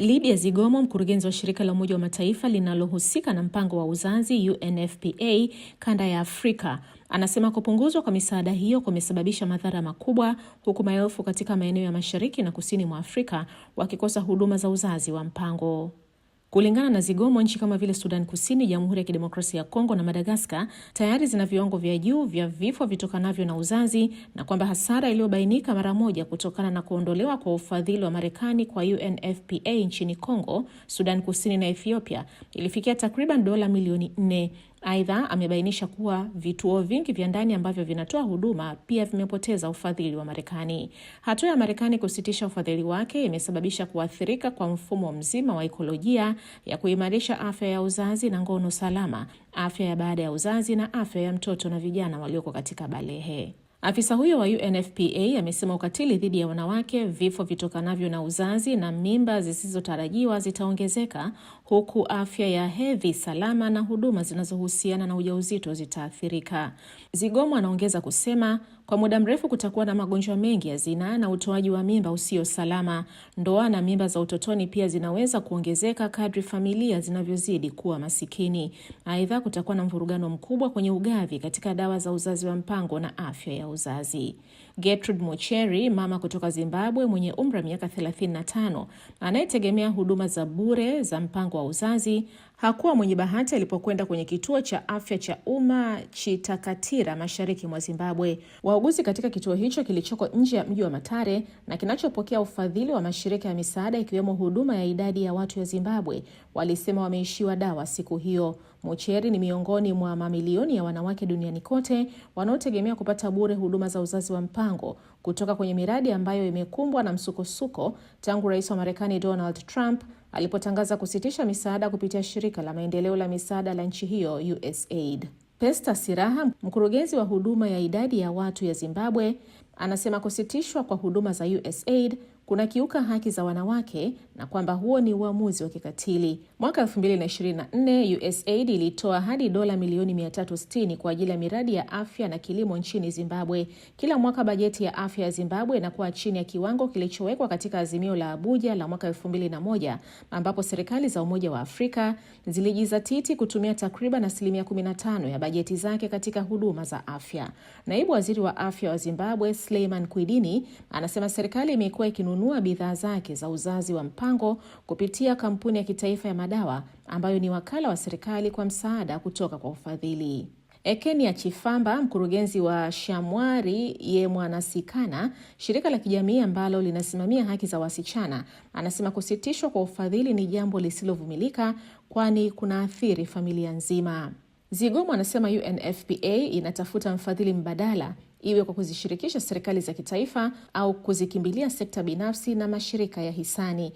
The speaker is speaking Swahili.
Lydia Zigomo, mkurugenzi wa shirika la Umoja wa Mataifa linalohusika na mpango wa uzazi UNFPA kanda ya Afrika, anasema kupunguzwa kwa misaada hiyo kumesababisha madhara makubwa, huku maelfu katika maeneo ya mashariki na kusini mwa Afrika wakikosa huduma za uzazi wa mpango. Kulingana na Zigomo, nchi kama vile Sudan Kusini, Jamhuri ya Kidemokrasia ya Kongo na Madagaskar tayari zina viwango vya juu vya vifo vitokanavyo na uzazi na kwamba hasara iliyobainika mara moja kutokana na kuondolewa kwa ufadhili wa Marekani kwa UNFPA nchini Kongo, Sudan Kusini na Ethiopia ilifikia takriban dola milioni nne. Aidha, amebainisha kuwa vituo vingi vya ndani ambavyo vinatoa huduma pia vimepoteza ufadhili wa Marekani. Hatua ya Marekani kusitisha ufadhili wake imesababisha kuathirika kwa mfumo mzima wa ikolojia ya kuimarisha afya ya uzazi na ngono salama, afya ya baada ya uzazi na afya ya mtoto na vijana walioko katika balehe. Afisa huyo wa UNFPA amesema ukatili dhidi ya wanawake, vifo vitokanavyo na uzazi na mimba zisizotarajiwa zitaongezeka, huku afya ya hedhi salama na huduma zinazohusiana na ujauzito zitaathirika. Zigomo anaongeza kusema kwa muda mrefu kutakuwa na magonjwa mengi ya zinaa na utoaji wa mimba usio salama. Ndoa na mimba za utotoni pia zinaweza kuongezeka kadri familia zinavyozidi kuwa masikini. Aidha, kutakuwa na mvurugano mkubwa kwenye ugavi katika dawa za uzazi wa mpango na afya ya uzazi. Gertrude Mucheri, mama kutoka Zimbabwe mwenye umri wa miaka 35, anayetegemea huduma za bure za mpango wa uzazi, hakuwa mwenye bahati alipokwenda kwenye kituo cha afya cha umma Chitakatira mashariki mwa Zimbabwe. Wauguzi katika kituo hicho kilichoko nje ya mji wa Matare na kinachopokea ufadhili wa mashirika ya misaada ikiwemo huduma ya idadi ya watu ya Zimbabwe walisema wameishiwa dawa siku hiyo. Mucheri ni miongoni mwa mamilioni ya wanawake duniani kote wanaotegemea kupata bure huduma za uzazi wa mpango kutoka kwenye miradi ambayo imekumbwa na msukosuko tangu rais wa Marekani Donald Trump alipotangaza kusitisha misaada kupitia shirika la maendeleo la misaada la nchi hiyo USAID. Pesta Siraha, mkurugenzi wa huduma ya idadi ya watu ya Zimbabwe, anasema kusitishwa kwa huduma za USAID kunakiuka haki za wanawake na kwamba huo ni uamuzi wa kikatili. Mwaka 2024 USAID ilitoa hadi dola milioni 360 kwa ajili ya miradi ya afya na kilimo nchini Zimbabwe. Kila mwaka bajeti ya afya ya Zimbabwe inakuwa chini ya kiwango kilichowekwa katika azimio la Abuja la mwaka 2001 ambapo serikali za Umoja wa Afrika zilijizatiti kutumia takriban asilimia 15 ya bajeti zake katika huduma za afya. Naibu waziri wa afya wa Zimbabwe Sleiman Kwidini anasema serikali imekuwa ikinunua kununua bidhaa zake za uzazi wa mpango kupitia kampuni ya kitaifa ya madawa ambayo ni wakala wa serikali kwa msaada kutoka kwa ufadhili. Ekenia Chifamba, mkurugenzi wa Shamwari ye Mwanasikana, shirika la kijamii ambalo linasimamia haki za wasichana, anasema kusitishwa kwa ufadhili ni jambo lisilovumilika, kwani kunaathiri familia nzima. Zigomo anasema UNFPA inatafuta mfadhili mbadala iwe kwa kuzishirikisha serikali za kitaifa au kuzikimbilia sekta binafsi na mashirika ya hisani.